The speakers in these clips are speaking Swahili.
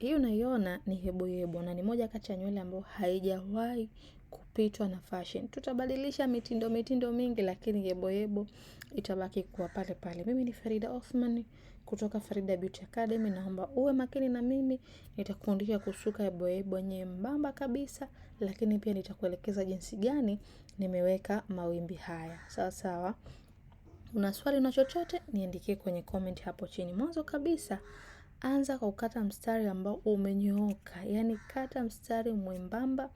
Hii unaiona ni hebohebo na ni moja kati ya nywele ambayo haijawahi kupitwa na fashion. Tutabadilisha mitindo mitindo mingi, lakini yeboyebo itabaki kuwa pale pale. Mimi ni Farida Othman kutoka Farida Beauty Academy. Naomba uwe makini na mimi, nitakufundisha kusuka hebohebo nyembamba kabisa, lakini pia nitakuelekeza jinsi gani nimeweka mawimbi haya. Sawa sawa. Una swali, una chochote, niandikie kwenye comment hapo chini. Mwanzo kabisa anza kwa kukata mstari ambao umenyooka, yaani kata mstari mwembamba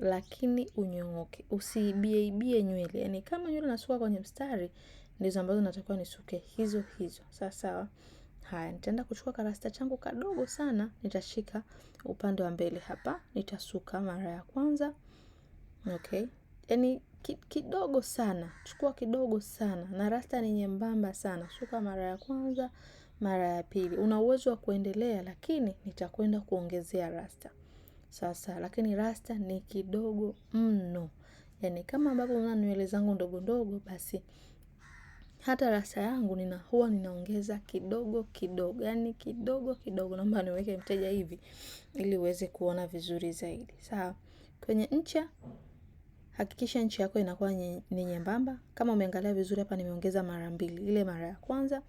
lakini unyooke, usiibieibie nywele. Yaani kama nywele nasuka kwenye mstari, ndizo ambazo natakiwa nisuke hizo hizo, sawa sawa. Haya, nitaenda kuchukua karasta changu kadogo sana, nitashika upande wa mbele hapa, nitasuka mara ya kwanza. Okay, yaani kidogo sana, chukua kidogo sana, na rasta ni nyembamba sana, suka mara ya kwanza mara ya pili. Una uwezo wa kuendelea, lakini nitakwenda kuongezea rasta. Sasa lakini rasta ni kidogo mno, yani kama ambavyo mna nywele zangu ndogo ndogo, basi hata rasta yangu nina huwa ninaongeza kidogo kidogo, yani kidogo kidogo. Naomba niweke mteja hivi ili uweze kuona vizuri zaidi. Sawa, kwenye ncha hakikisha ncha yako inakuwa ni nyembamba. Kama umeangalia vizuri hapa, nimeongeza mara mbili, ile mara ya kwanza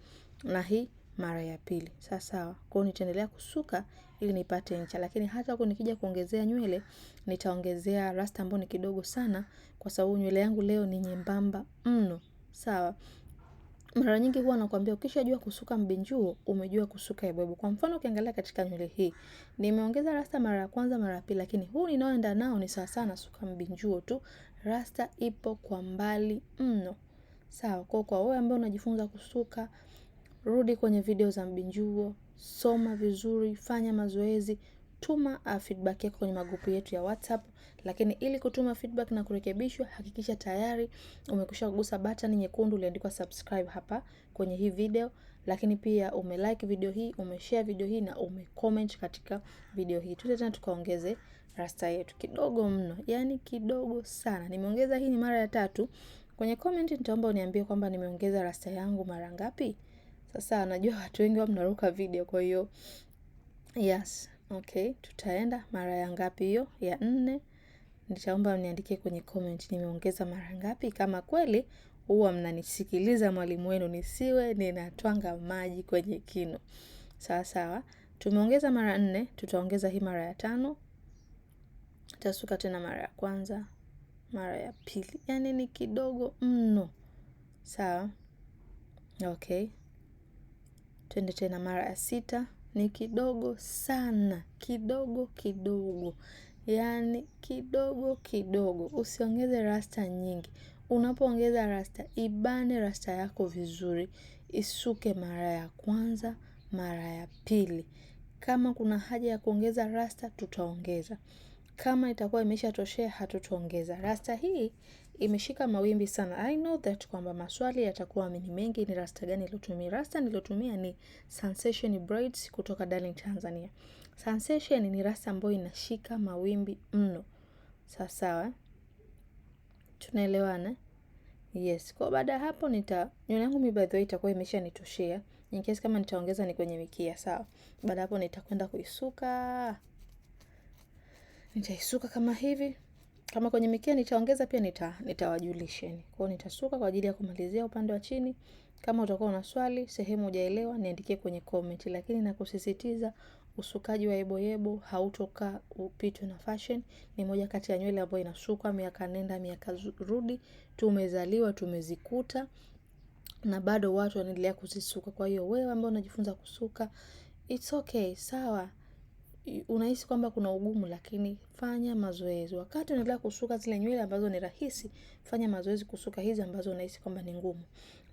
na hii mara ya pili. sawa. kwa hiyo nitaendelea kusuka ili nipate ncha, lakini hata huko nikija kuongezea nywele nitaongezea rasta ambayo ni kidogo sana, kwa sababu nywele yangu leo ni nyembamba mno. Sawa. Mara nyingi huwa nakwambia ukishajua kusuka mbinjuo umejua kusuka ibwebo. Kwa mfano ukiangalia katika nywele hii, nimeongeza rasta mara ya kwanza, mara ya pili, lakini huu ninaoenda nao ni sawa sana suka mbinjuo tu. Rasta ipo kwa mbali mno. Sawa, kwa kwa wewe ambaye unajifunza kusuka rudi kwenye video za Mbinjuo, soma vizuri, fanya mazoezi, tuma ah, feedback yako kwenye magrupu yetu ya WhatsApp. Lakini ili kutuma feedback na kurekebishwa, hakikisha tayari umekwisha kugusa button nyekundu iliyoandikwa subscribe hapa kwenye hii video, lakini pia umelike video hii, umeshare video hii na umecomment katika video hii. Tute tena tukaongeze rasta yetu kidogo mno, yani kidogo sana. Nimeongeza hii ni mara ya tatu. Kwenye comment nitaomba uniambie kwamba nimeongeza rasta yangu mara ngapi. Sasa anajua watu wengi wao mnaruka video, kwa hiyo yes, okay, tutaenda mara ya ngapi hiyo? Ya nne. Nitaomba mniandikie kwenye comment nimeongeza mara ngapi, kama kweli huwa mnanisikiliza mwalimu wenu, nisiwe ninatwanga maji kwenye kino Sawa sawa, tumeongeza mara nne, tutaongeza hii mara ya tano. Tasuka tena mara ya kwanza, mara ya pili, yaani ni kidogo mno. Sawa, okay twende tena mara ya sita. Ni kidogo sana, kidogo kidogo, yaani kidogo kidogo, usiongeze rasta nyingi. Unapoongeza rasta, ibane rasta yako vizuri, isuke mara ya kwanza, mara ya pili. Kama kuna haja ya kuongeza rasta, tutaongeza. Kama itakuwa imeshatoshea, hatutaongeza rasta hii imeshika mawimbi sana. I know that kwamba maswali yatakuwa ni mengi. Ni rasta gani iliyotumia? Rasta niliotumia ni Sensation Braids kutoka Darling Tanzania. Sensation ni rasta ambayo inashika mawimbi mno. Sawa sawa, tunaelewana? Yes. Kwa baada ya hapo nita nywele yangu mi by the way itakuwa imeshanitoshea. In case kama nitaongeza ni kwenye mikia, sawa. Baada hapo nitakwenda kuisuka. Nitaisuka kama hivi kama kwenye mikia nitaongeza pia nita nitawajulisheni. Kwa hiyo nitasuka kwa ajili ya kumalizia upande wa chini. Kama utakuwa una swali, sehemu hujaelewa, niandikie kwenye comment, lakini nakusisitiza usukaji wa yeboyebo hautokaa upitwe na fashion. Ni moja kati ya nywele ambayo inasukwa miaka nenda miaka rudi, tumezaliwa tumezikuta na bado watu wanaendelea kuzisuka. Kwa hiyo wewe ambao unajifunza kusuka, it's okay, sawa unahisi kwamba kuna ugumu, lakini fanya mazoezi. Wakati unaendelea kusuka zile nywele ambazo ni rahisi, fanya mazoezi kusuka hizi ambazo unahisi kwamba ni ngumu.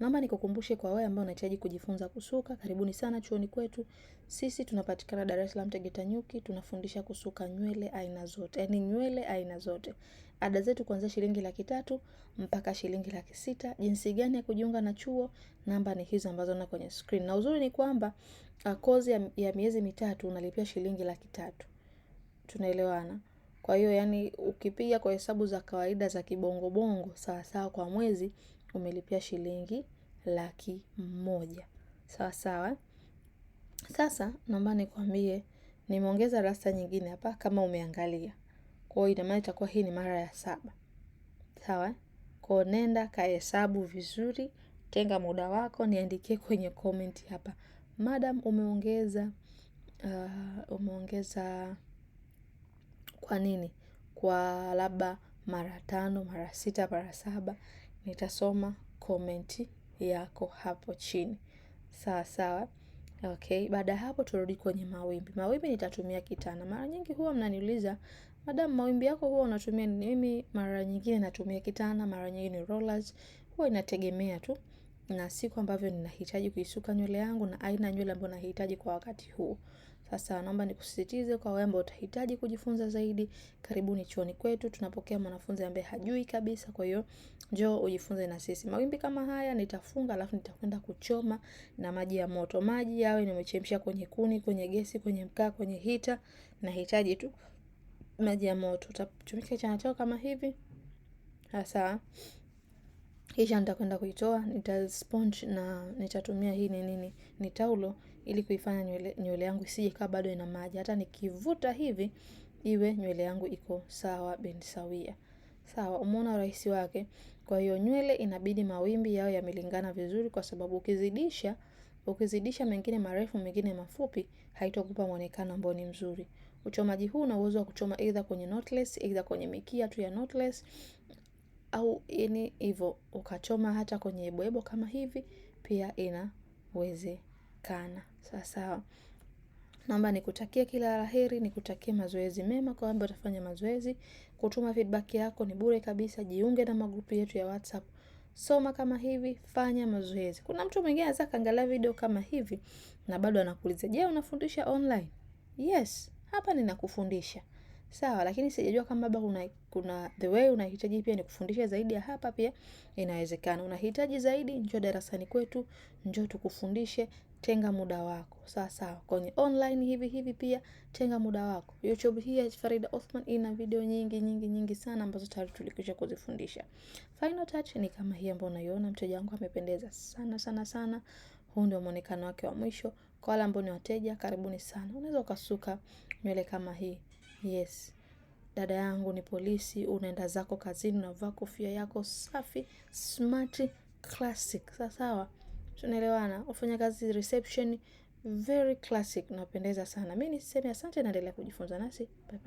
Naomba nikukumbushe kwa wewe ambaye unahitaji kujifunza kusuka, karibuni sana chuoni kwetu. Sisi tunapatikana Dar es Salaam Tegeta Nyuki, tunafundisha kusuka nywele aina zote, yani nywele aina zote ada zetu kuanzia shilingi laki tatu mpaka shilingi laki sita. Jinsi gani ya kujiunga na chuo, namba ni hizo ambazo na kwenye screen, na uzuri ni kwamba uh, kozi ya, ya miezi mitatu unalipia shilingi laki tatu. Tunaelewana? Kwa hiyo yani, ukipiga kwa hesabu za kawaida za kibongobongo sawasawa, kwa mwezi umelipia shilingi laki moja sawa Sasa naomba nikwambie, nimeongeza rasta nyingine hapa, kama umeangalia kwa hiyo ina maana itakuwa hii ni mara ya saba. Sawa? Kwa nenda kahesabu vizuri, tenga muda wako, niandikie kwenye comment hapa. Madam umeongeza uh, umeongeza kwa nini? Kwa labda mara tano, mara sita, mara saba. Nitasoma comment yako hapo chini. Sawa sawa. Okay, baada ya hapo turudi kwenye mawimbi. Mawimbi nitatumia kitana. Mara nyingi huwa mnaniuliza Madam mawimbi yako huwa unatumia nini? Mimi mara nyingine natumia kitana, mara nyingine rollers, huwa inategemea tu na siku ambavyo ninahitaji kuisuka nywele yangu na aina nywele ambayo nahitaji kwa wakati huo. Sasa naomba nikusisitize kwa wewe ambao utahitaji kujifunza zaidi, karibuni chuoni kwetu. Tunapokea mwanafunzi ambaye hajui kabisa, kwa hiyo njoo ujifunze na sisi. Mawimbi kama haya nitafunga alafu nitakwenda kuchoma na maji ya moto. Maji yawe nimechemsha kwenye kuni, kwenye gesi, kwenye mkaa, kwenye hita nahitaji tu maji ya moto. Utachomeka chana chako kama hivi hasa, kisha nitakwenda kuitoa, nita sponge na nitatumia hii ni nini, ni taulo ili kuifanya nywele, nywele yangu isije kaa bado ina maji. Hata nikivuta hivi iwe nywele yangu iko sawa bendi sawia. Sawa, umeona urahisi wake. Kwa hiyo nywele inabidi mawimbi yao yamelingana vizuri, kwa sababu ukizidisha ukizidisha mengine marefu mengine mafupi, haitokupa mwonekano ambao ni mzuri. Uchomaji huu una uwezo wa kuchoma aidha kwenye knotless, aidha kwenye mikia tu ya knotless au yani hivyo, ukachoma hata kwenye ebwebo kama hivi pia inawezekana. Sawa sawa. Naomba nikutakie kila laheri, nikutakie mazoezi mema kwa ambao utafanya mazoezi. Kutuma feedback yako ni bure kabisa. Jiunge na magrupu yetu ya WhatsApp. Soma kama hivi, fanya mazoezi. Kuna mtu mwingine anaweza kaangalia video kama hivi na bado anakuuliza, "Je, unafundisha online?" Yes hapa ninakufundisha sawa, lakini sijajua kama labda kuna, kuna the way unahitaji pia nikufundishe zaidi ya hapa. Pia inawezekana unahitaji zaidi, njoo darasani kwetu, njoo tukufundishe. Tenga muda wako sawa sawa, kwenye online hivi hivi pia tenga muda wako. YouTube hii ya Farida Othman ina video nyingi nyingi nyingi sana ambazo tayari tulikwisha kuzifundisha. Final touch ni kama hii ambayo unaiona, mteja wangu amependeza sana sana sana. Huu ndio muonekano wake wa mwisho. Kwa wale ambao ni wateja, karibuni sana. Unaweza ukasuka nywele kama hii. Yes. Dada yangu ni polisi, unaenda zako kazini, unavaa kofia yako safi, smart, classic. Sawa? Tunaelewana. Ufanya kazi reception, very classic. Unapendeza sana. Mimi niseme asante, naendelea kujifunza nasi. Bye bye.